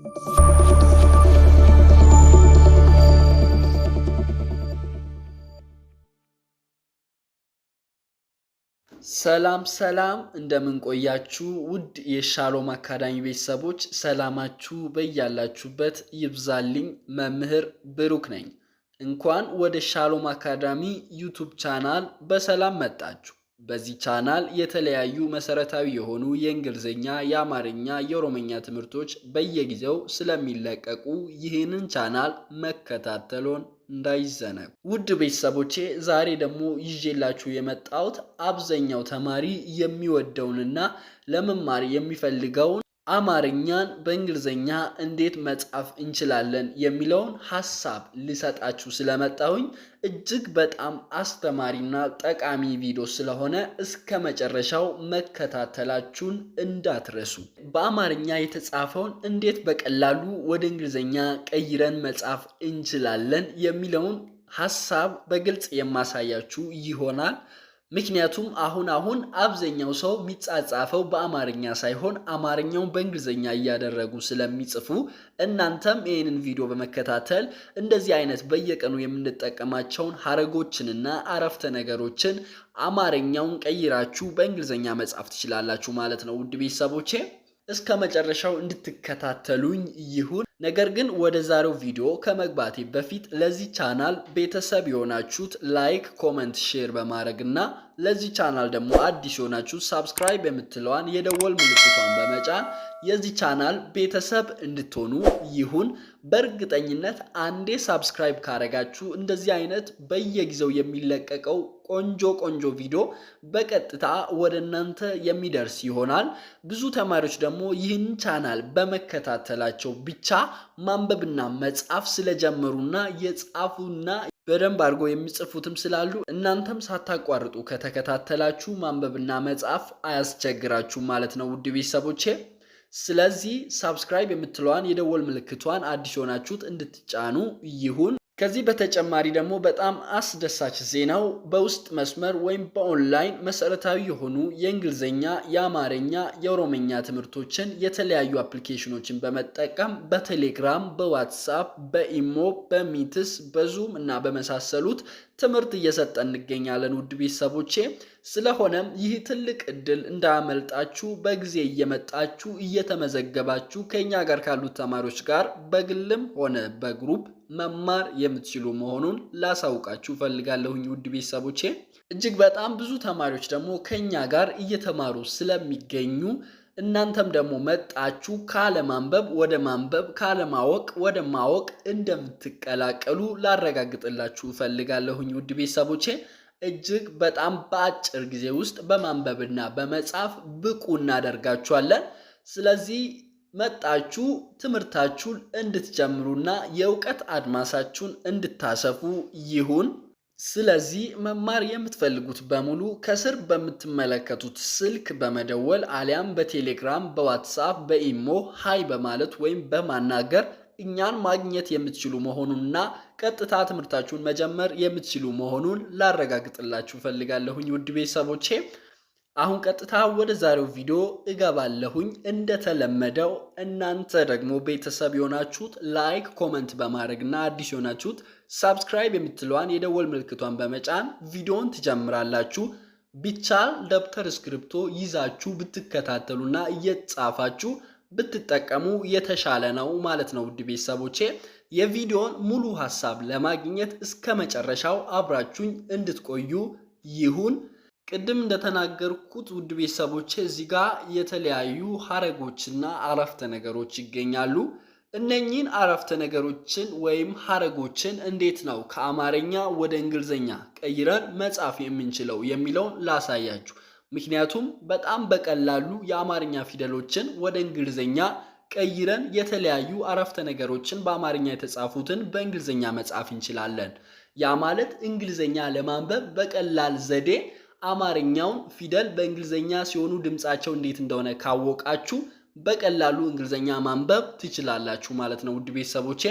ሰላም ሰላም እንደምንቆያችሁ ውድ የሻሎም አካዳሚ ቤተሰቦች ሰላማችሁ በያላችሁበት ይብዛልኝ። መምህር ብሩክ ነኝ። እንኳን ወደ ሻሎም አካዳሚ ዩቱብ ቻናል በሰላም መጣችሁ። በዚህ ቻናል የተለያዩ መሰረታዊ የሆኑ የእንግሊዝኛ፣ የአማርኛ፣ የኦሮምኛ ትምህርቶች በየጊዜው ስለሚለቀቁ ይህንን ቻናል መከታተሎን እንዳይዘነጉ። ውድ ቤተሰቦቼ ዛሬ ደግሞ ይዤላችሁ የመጣሁት አብዛኛው ተማሪ የሚወደውንና ለመማር የሚፈልገውን አማርኛን በእንግሊዘኛ እንዴት መጻፍ እንችላለን የሚለውን ሀሳብ ልሰጣችሁ ስለመጣሁኝ እጅግ በጣም አስተማሪና ጠቃሚ ቪዲዮ ስለሆነ እስከ መጨረሻው መከታተላችሁን እንዳትረሱ። በአማርኛ የተጻፈውን እንዴት በቀላሉ ወደ እንግሊዝኛ ቀይረን መጻፍ እንችላለን የሚለውን ሀሳብ በግልጽ የማሳያችሁ ይሆናል። ምክንያቱም አሁን አሁን አብዛኛው ሰው የሚጻጻፈው በአማርኛ ሳይሆን አማርኛውን በእንግሊዝኛ እያደረጉ ስለሚጽፉ እናንተም ይህንን ቪዲዮ በመከታተል እንደዚህ አይነት በየቀኑ የምንጠቀማቸውን ሀረጎችንና አረፍተ ነገሮችን አማርኛውን ቀይራችሁ በእንግሊዝኛ መጻፍ ትችላላችሁ ማለት ነው ውድ ቤተሰቦቼ። እስከ መጨረሻው እንድትከታተሉኝ ይሁን። ነገር ግን ወደ ዛሬው ቪዲዮ ከመግባቴ በፊት ለዚህ ቻናል ቤተሰብ የሆናችሁት ላይክ፣ ኮመንት፣ ሼር በማድረግ እና ለዚህ ቻናል ደግሞ አዲስ የሆናችሁ ሳብስክራይብ የምትለዋን የደወል ምልክቷን በመጫን የዚህ ቻናል ቤተሰብ እንድትሆኑ ይሁን። በእርግጠኝነት አንዴ ሳብስክራይብ ካረጋችሁ እንደዚህ አይነት በየጊዜው የሚለቀቀው ቆንጆ ቆንጆ ቪዲዮ በቀጥታ ወደ እናንተ የሚደርስ ይሆናል። ብዙ ተማሪዎች ደግሞ ይህን ቻናል በመከታተላቸው ብቻ ማንበብና መጻፍ ስለጀመሩና የጻፉና በደንብ አድርጎ የሚጽፉትም ስላሉ እናንተም ሳታቋርጡ ከተከታተላችሁ ማንበብና መጻፍ አያስቸግራችሁ ማለት ነው ውድ ቤተሰቦቼ። ስለዚህ ሳብስክራይብ የምትለዋን የደወል ምልክቷን አዲስ የሆናችሁት እንድትጫኑ ይሁን። ከዚህ በተጨማሪ ደግሞ በጣም አስደሳች ዜናው በውስጥ መስመር ወይም በኦንላይን መሰረታዊ የሆኑ የእንግሊዝኛ፣ የአማርኛ፣ የኦሮምኛ ትምህርቶችን የተለያዩ አፕሊኬሽኖችን በመጠቀም በቴሌግራም፣ በዋትሳፕ፣ በኢሞ፣ በሚትስ፣ በዙም እና በመሳሰሉት ትምህርት እየሰጠ እንገኛለን ውድ ቤተሰቦቼ። ስለሆነም ይህ ትልቅ እድል እንዳያመልጣችሁ በጊዜ እየመጣችሁ እየተመዘገባችሁ ከእኛ ጋር ካሉት ተማሪዎች ጋር በግልም ሆነ በግሩፕ መማር የምትችሉ መሆኑን ላሳውቃችሁ ፈልጋለሁኝ ውድ ቤተሰቦቼ። እጅግ በጣም ብዙ ተማሪዎች ደግሞ ከእኛ ጋር እየተማሩ ስለሚገኙ እናንተም ደግሞ መጣችሁ ካለማንበብ ወደ ማንበብ ካለማወቅ ወደ ማወቅ እንደምትቀላቀሉ ላረጋግጥላችሁ እፈልጋለሁኝ ውድ ቤተሰቦቼ። እጅግ በጣም በአጭር ጊዜ ውስጥ በማንበብና በመጻፍ ብቁ እናደርጋችኋለን። ስለዚህ መጣችሁ ትምህርታችሁን እንድትጀምሩና የእውቀት አድማሳችሁን እንድታሰፉ ይሁን። ስለዚህ መማር የምትፈልጉት በሙሉ ከስር በምትመለከቱት ስልክ በመደወል አሊያም በቴሌግራም፣ በዋትሳፕ፣ በኢሞ ሀይ በማለት ወይም በማናገር እኛን ማግኘት የምትችሉ መሆኑንና ቀጥታ ትምህርታችሁን መጀመር የምትችሉ መሆኑን ላረጋግጥላችሁ ፈልጋለሁኝ ውድ ቤተሰቦቼ። አሁን ቀጥታ ወደ ዛሬው ቪዲዮ እገባለሁኝ። እንደተለመደው እናንተ ደግሞ ቤተሰብ የሆናችሁት ላይክ፣ ኮመንት በማድረግ እና አዲስ የሆናችሁት ሳብስክራይብ የምትለዋን የደወል ምልክቷን በመጫን ቪዲዮን ትጀምራላችሁ። ቢቻል ደብተር እስክሪብቶ ይዛችሁ ብትከታተሉና እየጻፋችሁ ብትጠቀሙ የተሻለ ነው ማለት ነው። ውድ ቤተሰቦቼ የቪዲዮን ሙሉ ሀሳብ ለማግኘት እስከ መጨረሻው አብራችሁኝ እንድትቆዩ ይሁን። ቅድም እንደተናገርኩት ውድ ቤተሰቦቼ እዚህ ጋር የተለያዩ ሀረጎችና አረፍተ ነገሮች ይገኛሉ። እነኚህን አረፍተ ነገሮችን ወይም ሀረጎችን እንዴት ነው ከአማርኛ ወደ እንግሊዝኛ ቀይረን መጻፍ የምንችለው የሚለውን ላሳያችሁ። ምክንያቱም በጣም በቀላሉ የአማርኛ ፊደሎችን ወደ እንግሊዝኛ ቀይረን የተለያዩ አረፍተ ነገሮችን በአማርኛ የተጻፉትን በእንግሊዝኛ መጻፍ እንችላለን። ያ ማለት እንግሊዝኛ ለማንበብ በቀላል ዘዴ አማርኛውን ፊደል በእንግሊዝኛ ሲሆኑ ድምፃቸው እንዴት እንደሆነ ካወቃችሁ በቀላሉ እንግሊዝኛ ማንበብ ትችላላችሁ ማለት ነው ውድ ቤተሰቦቼ።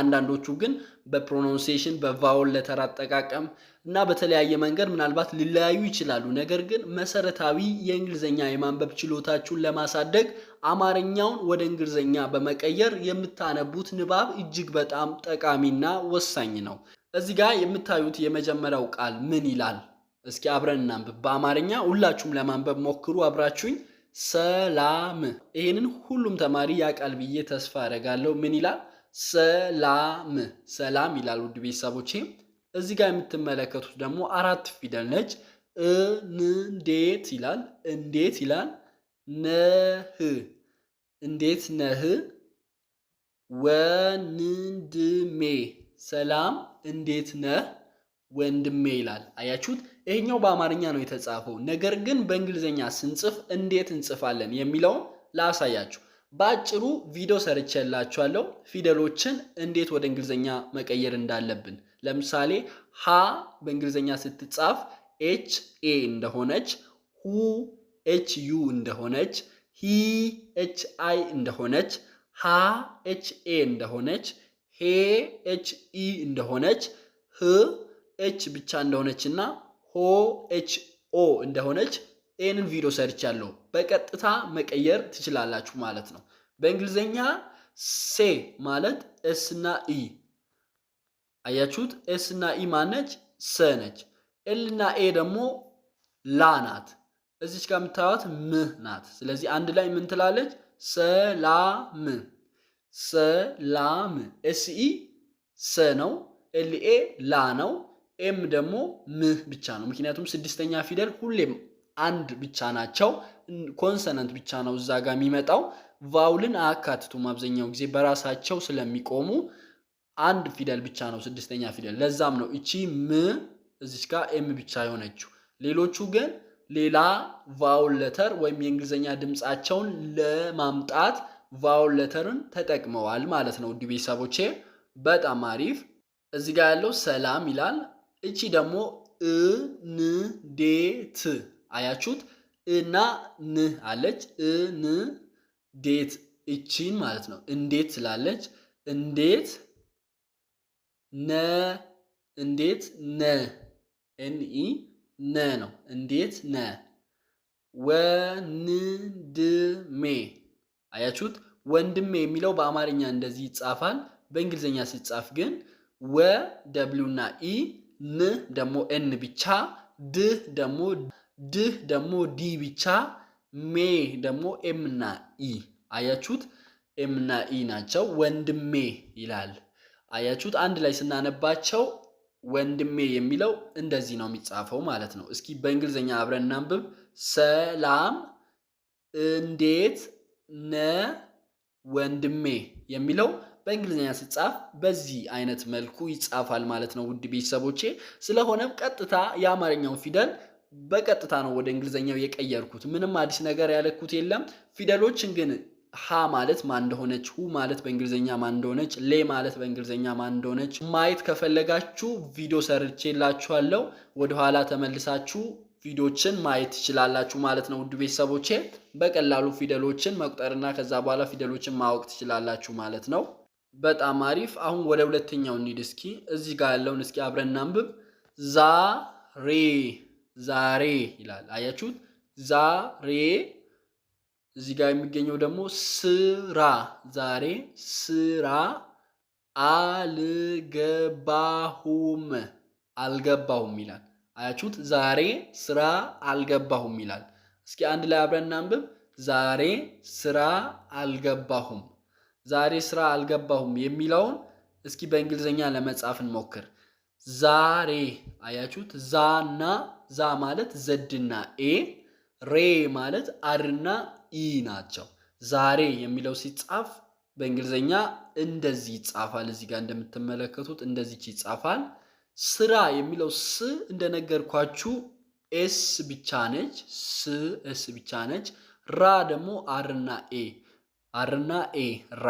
አንዳንዶቹ ግን በፕሮናንሴሽን በቫውል ለተር አጠቃቀም እና በተለያየ መንገድ ምናልባት ሊለያዩ ይችላሉ። ነገር ግን መሰረታዊ የእንግሊዝኛ የማንበብ ችሎታችሁን ለማሳደግ አማርኛውን ወደ እንግሊዝኛ በመቀየር የምታነቡት ንባብ እጅግ በጣም ጠቃሚና ወሳኝ ነው። እዚህ ጋር የምታዩት የመጀመሪያው ቃል ምን ይላል? እስኪ አብረን እናንብብ። በአማርኛ ሁላችሁም ለማንበብ ሞክሩ አብራችሁኝ። ሰላም። ይህንን ሁሉም ተማሪ ያውቃል ብዬ ተስፋ አደርጋለሁ። ምን ይላል? ሰላም ሰላም ይላል። ውድ ቤተሰቦቼ እዚህ ጋር የምትመለከቱት ደግሞ አራት ፊደል ነች። እንዴት ይላል። እንዴት ይላል። ነህ እንዴት ነህ ወንድሜ። ሰላም እንዴት ነህ ወንድሜ ይላል። አያችሁት? ይሄኛው በአማርኛ ነው የተጻፈው። ነገር ግን በእንግሊዝኛ ስንጽፍ እንዴት እንጽፋለን የሚለውን ላሳያችሁ። በአጭሩ ቪዲዮ ሰርቼላችኋለሁ፣ ፊደሎችን እንዴት ወደ እንግሊዝኛ መቀየር እንዳለብን። ለምሳሌ ሀ በእንግሊዝኛ ስትጻፍ ኤች ኤ እንደሆነች፣ ሁ ኤች ዩ እንደሆነች፣ ሂ ኤች አይ እንደሆነች፣ ሃ ኤች ኤ እንደሆነች፣ ሄ ኤች ኢ እንደሆነች፣ ህ ኤች ብቻ እንደሆነች እና ኦኤችኦ ኦ እንደሆነች ይህንን ቪዲዮ ሰርቻለሁ። በቀጥታ መቀየር ትችላላችሁ ማለት ነው። በእንግሊዝኛ ሴ ማለት ኤስ እና ኢ አያችሁት? ኤስ እና ኢ ማነች? ሰ ነች። ኤል እና ኤ ደግሞ ላ ናት። እዚች ጋር የምታዩት ምህ ናት። ስለዚህ አንድ ላይ ምን ትላለች? ሰላም ሰላም። ኤስኢ ሰ ነው። ኤልኤ ላ ነው። ኤም ደግሞ ምህ ብቻ ነው። ምክንያቱም ስድስተኛ ፊደል ሁሌም አንድ ብቻ ናቸው። ኮንሰነንት ብቻ ነው እዛ ጋር የሚመጣው። ቫውልን አያካትቱም አብዛኛው ጊዜ በራሳቸው ስለሚቆሙ አንድ ፊደል ብቻ ነው ስድስተኛ ፊደል። ለዛም ነው እቺ ም እዚች ጋር ኤም ብቻ የሆነችው። ሌሎቹ ግን ሌላ ቫውል ለተር ወይም የእንግሊዝኛ ድምፃቸውን ለማምጣት ቫውል ለተርን ተጠቅመዋል ማለት ነው። ውድ ቤተሰቦቼ በጣም አሪፍ። እዚህ ጋር ያለው ሰላም ይላል። እቺ ደግሞ እንዴት አያችሁት? እና ን አለች እንዴት እቺን ማለት ነው እንዴት ስላለች እንዴት ነ እንዴት ነ ኤንኢ ነ ነው እንዴት ነ ወንድሜ አያችሁት? ወንድሜ የሚለው በአማርኛ እንደዚህ ይጻፋል። በእንግሊዝኛ ሲጻፍ ግን ወ ደብሊው እና ኢ ን ደግሞ ኤን ብቻ ድ ደግሞ ድ ደግሞ ዲ ብቻ ሜ ደግሞ ኤም እና ኢ አያችሁት። ኤም እና ኢ ናቸው። ወንድሜ ይላል አያችሁት። አንድ ላይ ስናነባቸው ወንድሜ የሚለው እንደዚህ ነው የሚጻፈው ማለት ነው። እስኪ በእንግሊዝኛ አብረን እናንብብ። ሰላም እንዴት ነ ወንድሜ የሚለው በእንግሊዝኛ ሲጻፍ በዚህ አይነት መልኩ ይጻፋል ማለት ነው ውድ ቤተሰቦቼ። ስለሆነም ቀጥታ የአማርኛውን ፊደል በቀጥታ ነው ወደ እንግሊዝኛው የቀየርኩት። ምንም አዲስ ነገር ያለኩት የለም። ፊደሎችን ግን ሀ ማለት ማን እንደሆነች፣ ሁ ማለት በእንግሊዝኛ ማን እንደሆነች፣ ሌ ማለት በእንግሊዝኛ ማን እንደሆነች ማየት ከፈለጋችሁ ቪዲዮ ሰርቼላችኋለሁ። ወደኋላ ተመልሳችሁ ቪዲዮችን ማየት ትችላላችሁ ማለት ነው ውድ ቤተሰቦቼ። በቀላሉ ፊደሎችን መቁጠርና ከዛ በኋላ ፊደሎችን ማወቅ ትችላላችሁ ማለት ነው። በጣም አሪፍ። አሁን ወደ ሁለተኛው እንሂድ። እስኪ እዚህ ጋር ያለውን እስኪ አብረን እናንብብ። ዛሬ ዛሬ ይላል። አያችሁት? ዛሬ እዚህ ጋር የሚገኘው ደግሞ ስራ። ዛሬ ስራ አልገባሁም አልገባሁም ይላል። አያችሁት? ዛሬ ስራ አልገባሁም ይላል። እስኪ አንድ ላይ አብረን እናንብብ። ዛሬ ስራ አልገባሁም ዛሬ ስራ አልገባሁም የሚለውን እስኪ በእንግሊዝኛ ለመጻፍ እንሞክር። ዛሬ አያችሁት? ዛና ዛ ማለት ዘድና ኤ፣ ሬ ማለት አርና ኢ ናቸው። ዛሬ የሚለው ሲጻፍ በእንግሊዝኛ እንደዚህ ይጻፋል። እዚህ ጋር እንደምትመለከቱት እንደዚች ይጻፋል። ስራ የሚለው ስ እንደነገርኳችሁ ኤስ ብቻ ነች። ስ ኤስ ብቻ ነች። ራ ደግሞ አርና ኤ አርና ኤ ራ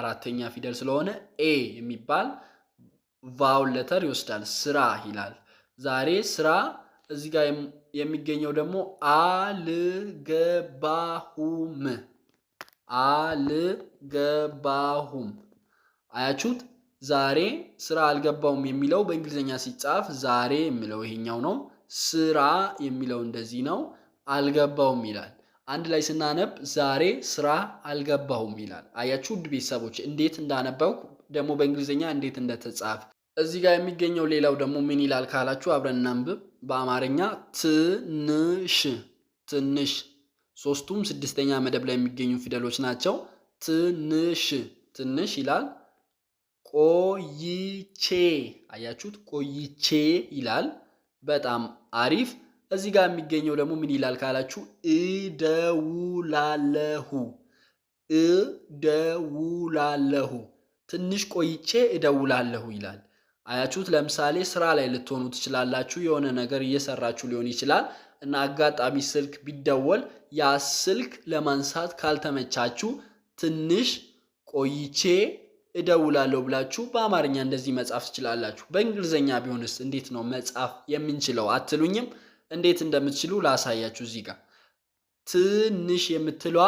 አራተኛ ፊደል ስለሆነ ኤ የሚባል ቫውል ለተር ይወስዳል። ስራ ይላል። ዛሬ ስራ። እዚ ጋ የሚገኘው ደግሞ አልገባሁም፣ አልገባሁም። አያችሁት? ዛሬ ስራ አልገባውም የሚለው በእንግሊዝኛ ሲጻፍ ዛሬ የሚለው ይሄኛው ነው። ስራ የሚለው እንደዚህ ነው። አልገባውም ይላል። አንድ ላይ ስናነብ ዛሬ ስራ አልገባሁም ይላል። አያችሁ ውድ ቤተሰቦች እንዴት እንዳነበብኩ ደግሞ በእንግሊዝኛ እንዴት እንደተጻፈ። እዚህ ጋር የሚገኘው ሌላው ደግሞ ምን ይላል ካላችሁ አብረን እናንብብ። በአማርኛ ትንሽ ትንሽ፣ ሶስቱም ስድስተኛ መደብ ላይ የሚገኙ ፊደሎች ናቸው። ትንሽ ትንሽ ይላል። ቆይቼ አያችሁት፣ ቆይቼ ይላል። በጣም አሪፍ እዚህ ጋር የሚገኘው ደግሞ ምን ይላል ካላችሁ እደውላለሁ እደውላለሁ ትንሽ ቆይቼ እደውላለሁ ይላል። አያችሁት? ለምሳሌ ስራ ላይ ልትሆኑ ትችላላችሁ። የሆነ ነገር እየሰራችሁ ሊሆን ይችላል እና አጋጣሚ ስልክ ቢደወል ያ ስልክ ለማንሳት ካልተመቻችሁ ትንሽ ቆይቼ እደውላለሁ ብላችሁ በአማርኛ እንደዚህ መጻፍ ትችላላችሁ። በእንግሊዝኛ ቢሆንስ እንዴት ነው መጻፍ የምንችለው አትሉኝም? እንዴት እንደምትችሉ ላሳያችሁ። እዚህ ጋር ትንሽ የምትሏ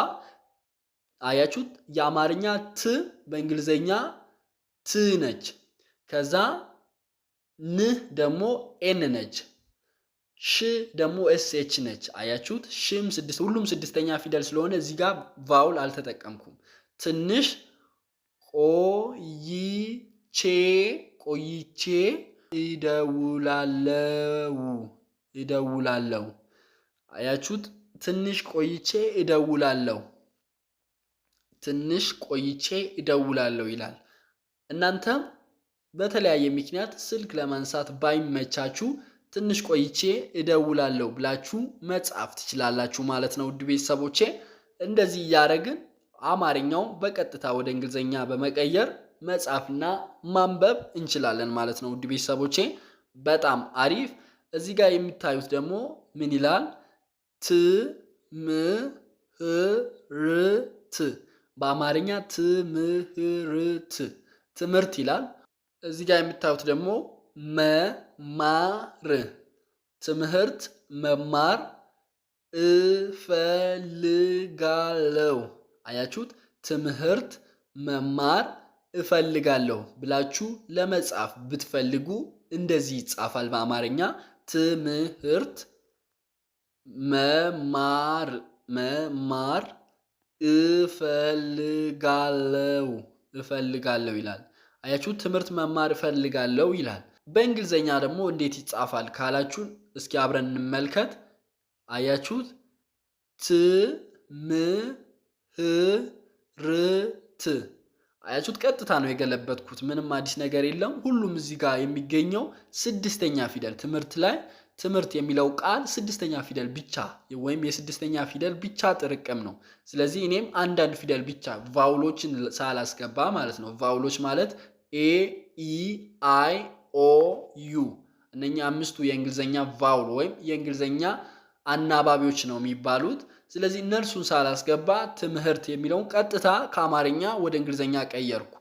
አያችሁት? የአማርኛ ት በእንግሊዘኛ ት ነች። ከዛ ንህ ደግሞ ኤን ነች። ሽ ደግሞ ኤስ ኤች ነች። አያችሁት? ሽም ስድስት ሁሉም ስድስተኛ ፊደል ስለሆነ እዚህ ጋር ቫውል አልተጠቀምኩም። ትንሽ ቆይቼ ቆይቼ ይደውላለው እደውላለሁ። አያችሁት? ትንሽ ቆይቼ እደውላለሁ። ትንሽ ቆይቼ እደውላለሁ ይላል። እናንተም በተለያየ ምክንያት ስልክ ለማንሳት ባይመቻችሁ ትንሽ ቆይቼ እደውላለሁ ብላችሁ መጻፍ ትችላላችሁ ማለት ነው። ውድ ቤተሰቦቼ እንደዚህ እያደረግን አማርኛውን በቀጥታ ወደ እንግሊዝኛ በመቀየር መጻፍና ማንበብ እንችላለን ማለት ነው። ውድ ቤተሰቦቼ በጣም አሪፍ እዚህ ጋር የሚታዩት ደግሞ ምን ይላል? ትምህርት በአማርኛ ትምህርት ትምህርት ይላል። እዚህ ጋር የምታዩት ደግሞ መማር ትምህርት መማር እፈልጋለሁ። አያችሁት? ትምህርት መማር እፈልጋለሁ ብላችሁ ለመጻፍ ብትፈልጉ እንደዚህ ይጻፋል በአማርኛ ትምህርት መማር መማር እፈልጋለው እፈልጋለው ይላል። አያችሁ ትምህርት መማር እፈልጋለው ይላል። በእንግሊዘኛ ደግሞ እንዴት ይጻፋል ካላችሁ እስኪ አብረን እንመልከት። አያችሁት ትምህርት አያችሁት? ቀጥታ ነው የገለበጥኩት። ምንም አዲስ ነገር የለም። ሁሉም እዚህ ጋር የሚገኘው ስድስተኛ ፊደል ትምህርት ላይ ትምህርት የሚለው ቃል ስድስተኛ ፊደል ብቻ ወይም የስድስተኛ ፊደል ብቻ ጥርቅም ነው። ስለዚህ እኔም አንዳንድ ፊደል ብቻ ቫውሎችን ሳላስገባ ማለት ነው። ቫውሎች ማለት ኤ፣ ኢ፣ አይ፣ ኦ፣ ዩ እነኛ አምስቱ የእንግሊዝኛ ቫውል ወይም የእንግሊዝኛ አናባቢዎች ነው የሚባሉት። ስለዚህ እነርሱን ሳላስገባ ትምህርት የሚለውን ቀጥታ ከአማርኛ ወደ እንግሊዝኛ ቀየርኩ።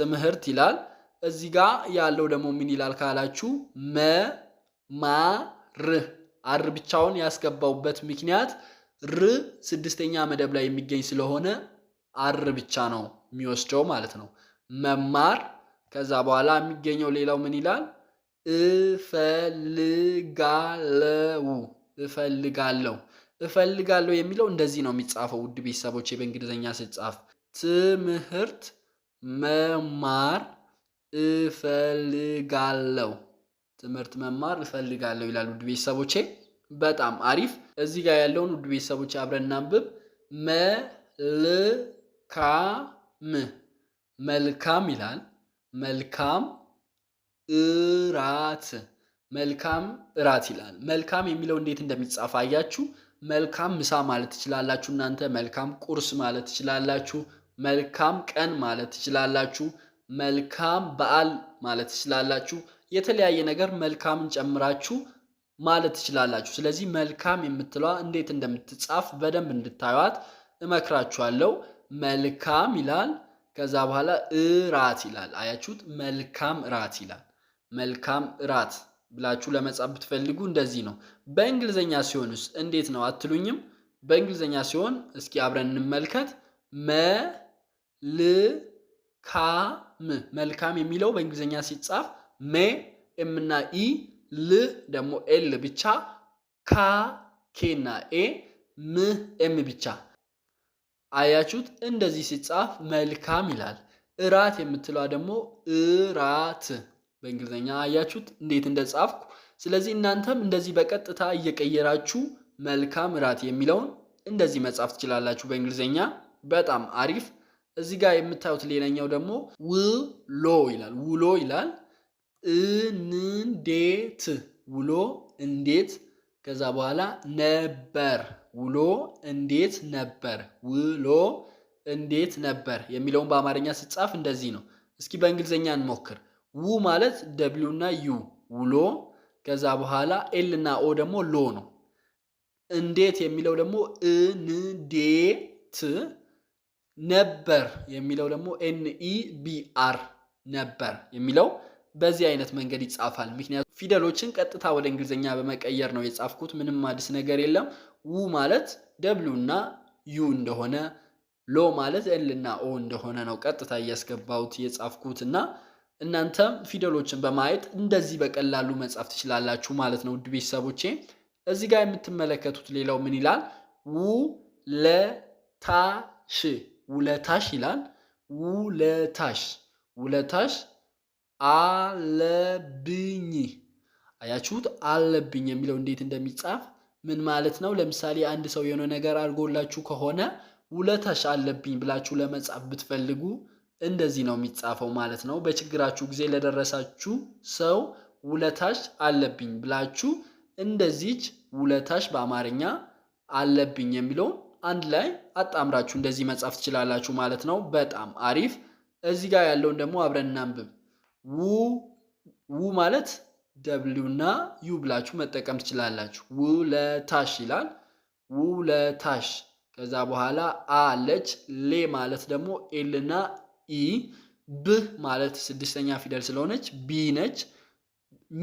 ትምህርት ይላል። እዚህ ጋ ያለው ደግሞ ምን ይላል ካላችሁ መማር አር ብቻውን ያስገባውበት ምክንያት ር ስድስተኛ መደብ ላይ የሚገኝ ስለሆነ አር ብቻ ነው የሚወስደው ማለት ነው። መማር ከዛ በኋላ የሚገኘው ሌላው ምን ይላል? እፈልጋለው እፈልጋለው እፈልጋለሁ የሚለው እንደዚህ ነው የሚጻፈው። ውድ ቤተሰቦች በእንግሊዝኛ ስጻፍ ትምህርት መማር እፈልጋለሁ፣ ትምህርት መማር እፈልጋለሁ ይላል። ውድ ቤተሰቦቼ በጣም አሪፍ። እዚህ ጋር ያለውን ውድ ቤተሰቦቼ አብረና አንብብ መልካም መልካም ይላል። መልካም እራት መልካም እራት ይላል። መልካም የሚለው እንዴት እንደሚጻፍ አያችሁ። መልካም ምሳ ማለት ትችላላችሁ። እናንተ መልካም ቁርስ ማለት ትችላላችሁ። መልካም ቀን ማለት ትችላላችሁ። መልካም በዓል ማለት ትችላላችሁ። የተለያየ ነገር መልካምን ጨምራችሁ ማለት ትችላላችሁ። ስለዚህ መልካም የምትለዋ እንዴት እንደምትጻፍ በደንብ እንድታዩት እመክራችኋለሁ። መልካም ይላል። ከዛ በኋላ እራት ይላል። አያችሁት? መልካም እራት ይላል። መልካም እራት ብላችሁ ለመጻፍ ብትፈልጉ እንደዚህ ነው። በእንግሊዘኛ ሲሆንስ እንዴት ነው አትሉኝም? በእንግሊዘኛ ሲሆን እስኪ አብረን እንመልከት። መልካም መልካም የሚለው በእንግሊዘኛ ሲጻፍ ሜ ኤም እና ኢ ል ደግሞ ኤል ብቻ ካ ኬ እና ኤ ም ኤም ብቻ። አያችሁት? እንደዚህ ሲጻፍ መልካም ይላል። እራት የምትለዋ ደግሞ እራት በእንግሊዝኛ አያችሁት እንዴት እንደጻፍኩ። ስለዚህ እናንተም እንደዚህ በቀጥታ እየቀየራችሁ መልካም እራት የሚለውን እንደዚህ መጻፍ ትችላላችሁ በእንግሊዝኛ። በጣም አሪፍ። እዚህ ጋር የምታዩት ሌላኛው ደግሞ ውሎ ይላል። ውሎ ይላል። እንዴት ውሎ እንዴት ከዛ በኋላ ነበር ውሎ እንዴት ነበር፣ ውሎ እንዴት ነበር የሚለውን በአማርኛ ስጻፍ እንደዚህ ነው። እስኪ በእንግሊዝኛ እንሞክር። ው ማለት ደብሊው እና ዩ ውሎ፣ ከዛ በኋላ ኤል እና ኦ ደግሞ ሎ ነው። እንዴት የሚለው ደግሞ እንዴት ነበር የሚለው ደግሞ ኤንኢ ቢአር ነበር የሚለው በዚህ አይነት መንገድ ይጻፋል። ምክንያቱም ፊደሎችን ቀጥታ ወደ እንግሊዝኛ በመቀየር ነው የጻፍኩት። ምንም አዲስ ነገር የለም። ው ማለት ደብሉ እና ዩ እንደሆነ፣ ሎ ማለት ኤል እና ኦ እንደሆነ ነው ቀጥታ እያስገባሁት የጻፍኩት እና እናንተም ፊደሎችን በማየት እንደዚህ በቀላሉ መጻፍ ትችላላችሁ ማለት ነው። ውድ ቤተሰቦቼ እዚህ ጋር የምትመለከቱት ሌላው ምን ይላል? ውለታሽ ውለታሽ ይላል። ውለታሽ ውለታሽ አለብኝ። አያችሁት? አለብኝ የሚለው እንዴት እንደሚጻፍ ምን ማለት ነው? ለምሳሌ አንድ ሰው የሆነ ነገር አድርጎላችሁ ከሆነ ውለታሽ አለብኝ ብላችሁ ለመጻፍ ብትፈልጉ እንደዚህ ነው የሚጻፈው ማለት ነው። በችግራችሁ ጊዜ ለደረሳችሁ ሰው ውለታሽ አለብኝ ብላችሁ እንደዚች ውለታሽ በአማርኛ አለብኝ የሚለውን አንድ ላይ አጣምራችሁ እንደዚህ መጻፍ ትችላላችሁ ማለት ነው። በጣም አሪፍ። እዚህ ጋር ያለውን ደግሞ አብረን እናንብብ። ው ማለት ደብሊው እና ዩ ብላችሁ መጠቀም ትችላላችሁ። ውለታሽ ይላል። ውለታሽ ከዛ በኋላ አለች ሌ ማለት ደግሞ ኤልና ኢ ብ ማለት ስድስተኛ ፊደል ስለሆነች ቢ ነች።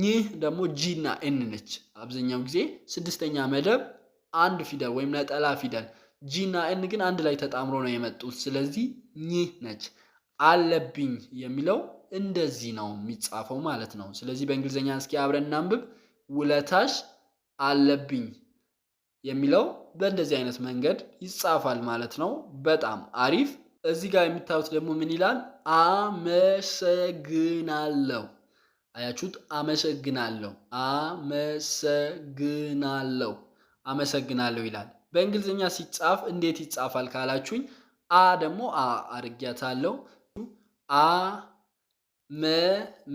ኚህ ደግሞ ጂ እና ኤን ነች። አብዛኛው ጊዜ ስድስተኛ መደብ አንድ ፊደል ወይም ነጠላ ፊደል ጂ እና ኤን ግን አንድ ላይ ተጣምሮ ነው የመጡት። ስለዚህ ኚህ ነች። አለብኝ የሚለው እንደዚህ ነው የሚጻፈው ማለት ነው። ስለዚህ በእንግሊዝኛ እስኪ አብረን እናንብብ። ውለታሽ አለብኝ የሚለው በእንደዚህ አይነት መንገድ ይጻፋል ማለት ነው። በጣም አሪፍ እዚህ ጋር የምታዩት ደግሞ ምን ይላል? አመሰግናለሁ። አያችሁት? አመሰግናለሁ፣ አመሰግናለሁ፣ አመሰግናለሁ ይላል። በእንግሊዝኛ ሲጻፍ እንዴት ይጻፋል ካላችሁኝ፣ አ ደግሞ አ አድርጊያታለሁ። አ መ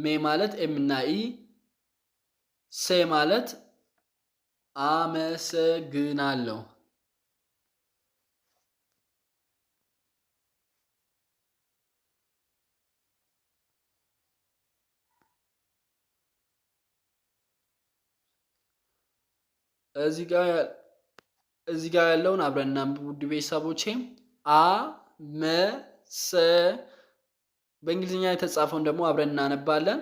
ሜ ማለት ኤምና ኢ፣ ሴ ማለት አመሰግናለሁ እዚህ ጋር ያለውን አብረን እናንብብ ውድ ቤተሰቦቼ። አ መ ሰ በእንግሊዝኛ የተጻፈውን ደግሞ አብረን እናነባለን።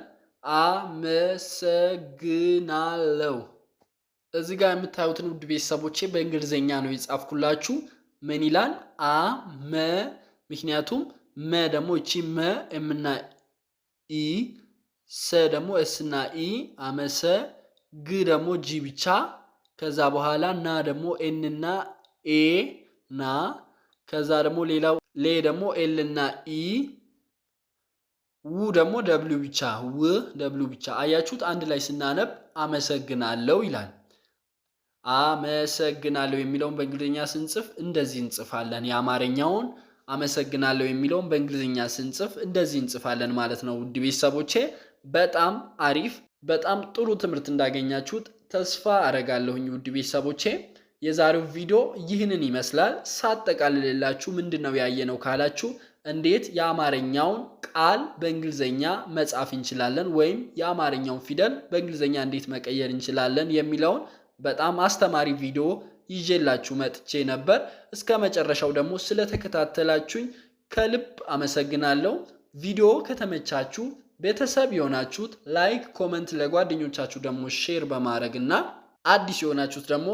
አመሰግናለው። እዚህ ጋር የምታዩትን ውድ ቤተሰቦቼ በእንግሊዝኛ ነው የጻፍኩላችሁ። ምን ይላል? አ መ ምክንያቱም መ ደግሞ እቺ መ የምና ኢ ሰ ደግሞ እስና ኢ አመሰ ግ ደግሞ ጂ ብቻ ከዛ በኋላ ና ደግሞ ኤን እና ኤ ና ከዛ ደግሞ ሌላው ሌ ደግሞ ኤል እና ኢ ው ደግሞ ደብሊው ብቻ ው ደብሊው ብቻ። አያችሁት? አንድ ላይ ስናነብ አመሰግናለሁ ይላል። አመሰግናለሁ የሚለውን በእንግሊዝኛ ስንጽፍ እንደዚህ እንጽፋለን። የአማርኛውን አመሰግናለሁ የሚለውን በእንግሊዝኛ ስንጽፍ እንደዚህ እንጽፋለን ማለት ነው። ውድ ቤተሰቦቼ በጣም አሪፍ በጣም ጥሩ ትምህርት እንዳገኛችሁት ተስፋ አረጋለሁኝ ውድ ቤተሰቦቼ። የዛሬው ቪዲዮ ይህንን ይመስላል። ሳጠቃልልላችሁ ምንድን ነው ያየነው ካላችሁ እንዴት የአማርኛውን ቃል በእንግሊዝኛ መጻፍ እንችላለን ወይም የአማርኛውን ፊደል በእንግሊዝኛ እንዴት መቀየር እንችላለን የሚለውን በጣም አስተማሪ ቪዲዮ ይዤላችሁ መጥቼ ነበር። እስከ መጨረሻው ደግሞ ስለተከታተላችሁኝ ከልብ አመሰግናለሁ። ቪዲዮ ከተመቻችሁ ቤተሰብ የሆናችሁት ላይክ፣ ኮመንት ለጓደኞቻችሁ ደግሞ ሼር በማድረግ እና አዲስ የሆናችሁት ደግሞ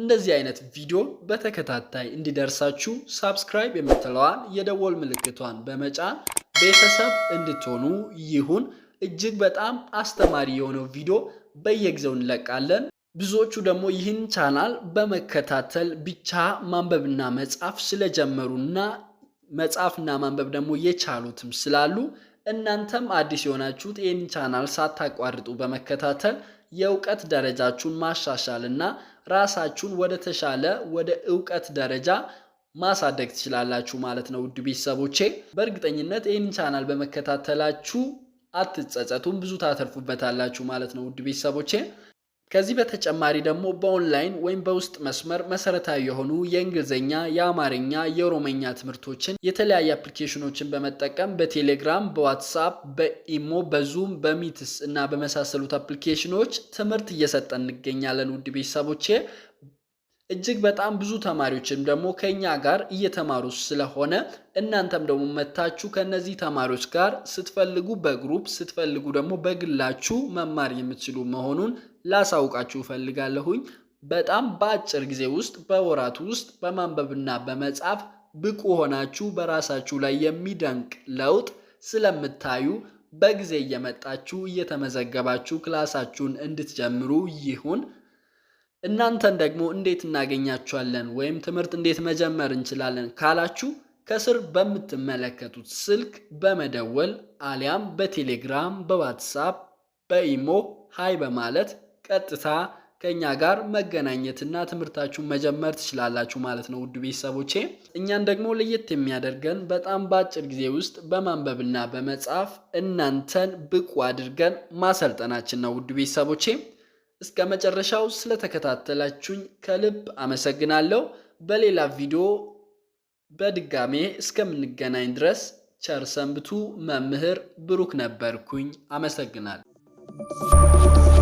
እንደዚህ አይነት ቪዲዮ በተከታታይ እንዲደርሳችሁ ሳብስክራይብ የምትለዋን የደወል ምልክቷን በመጫን ቤተሰብ እንድትሆኑ ይሁን። እጅግ በጣም አስተማሪ የሆነው ቪዲዮ በየጊዜው እንለቃለን። ብዙዎቹ ደግሞ ይህን ቻናል በመከታተል ብቻ ማንበብና መጻፍ ስለጀመሩና መጻፍና ማንበብ ደግሞ የቻሉትም ስላሉ እናንተም አዲስ የሆናችሁት ይህን ቻናል ሳታቋርጡ በመከታተል የእውቀት ደረጃችሁን ማሻሻል እና ራሳችሁን ወደ ተሻለ ወደ እውቀት ደረጃ ማሳደግ ትችላላችሁ ማለት ነው። ውድ ቤተሰቦቼ በእርግጠኝነት ይህን ቻናል በመከታተላችሁ አትጸጸቱም፣ ብዙ ታተርፉበታላችሁ ማለት ነው። ውድ ቤተሰቦቼ ከዚህ በተጨማሪ ደግሞ በኦንላይን ወይም በውስጥ መስመር መሰረታዊ የሆኑ የእንግሊዝኛ፣ የአማርኛ፣ የኦሮመኛ ትምህርቶችን የተለያዩ አፕሊኬሽኖችን በመጠቀም በቴሌግራም፣ በዋትሳፕ፣ በኢሞ፣ በዙም፣ በሚትስ እና በመሳሰሉት አፕሊኬሽኖች ትምህርት እየሰጠን እንገኛለን። ውድ ቤተሰቦቼ እጅግ በጣም ብዙ ተማሪዎችም ደግሞ ከኛ ጋር እየተማሩ ስለሆነ እናንተም ደግሞ መታችሁ ከነዚህ ተማሪዎች ጋር ስትፈልጉ በግሩፕ ስትፈልጉ ደግሞ በግላችሁ መማር የምትችሉ መሆኑን ላሳውቃችሁ እፈልጋለሁኝ። በጣም በአጭር ጊዜ ውስጥ በወራት ውስጥ በማንበብና በመጻፍ ብቁ ሆናችሁ በራሳችሁ ላይ የሚደንቅ ለውጥ ስለምታዩ በጊዜ እየመጣችሁ እየተመዘገባችሁ ክላሳችሁን እንድትጀምሩ ይሁን። እናንተን ደግሞ እንዴት እናገኛችኋለን ወይም ትምህርት እንዴት መጀመር እንችላለን ካላችሁ ከስር በምትመለከቱት ስልክ በመደወል አሊያም በቴሌግራም፣ በዋትሳፕ፣ በኢሞ ሀይ በማለት ቀጥታ ከእኛ ጋር መገናኘትና ትምህርታችሁን መጀመር ትችላላችሁ ማለት ነው። ውድ ቤተሰቦቼ እኛን ደግሞ ለየት የሚያደርገን በጣም በአጭር ጊዜ ውስጥ በማንበብና በመጻፍ እናንተን ብቁ አድርገን ማሰልጠናችን ነው። ውድ ቤተሰቦቼ እስከ መጨረሻው ስለተከታተላችሁኝ ከልብ አመሰግናለሁ። በሌላ ቪዲዮ በድጋሜ እስከምንገናኝ ድረስ ቸር ሰንብቱ። መምህር ብሩክ ነበርኩኝ። አመሰግናለሁ።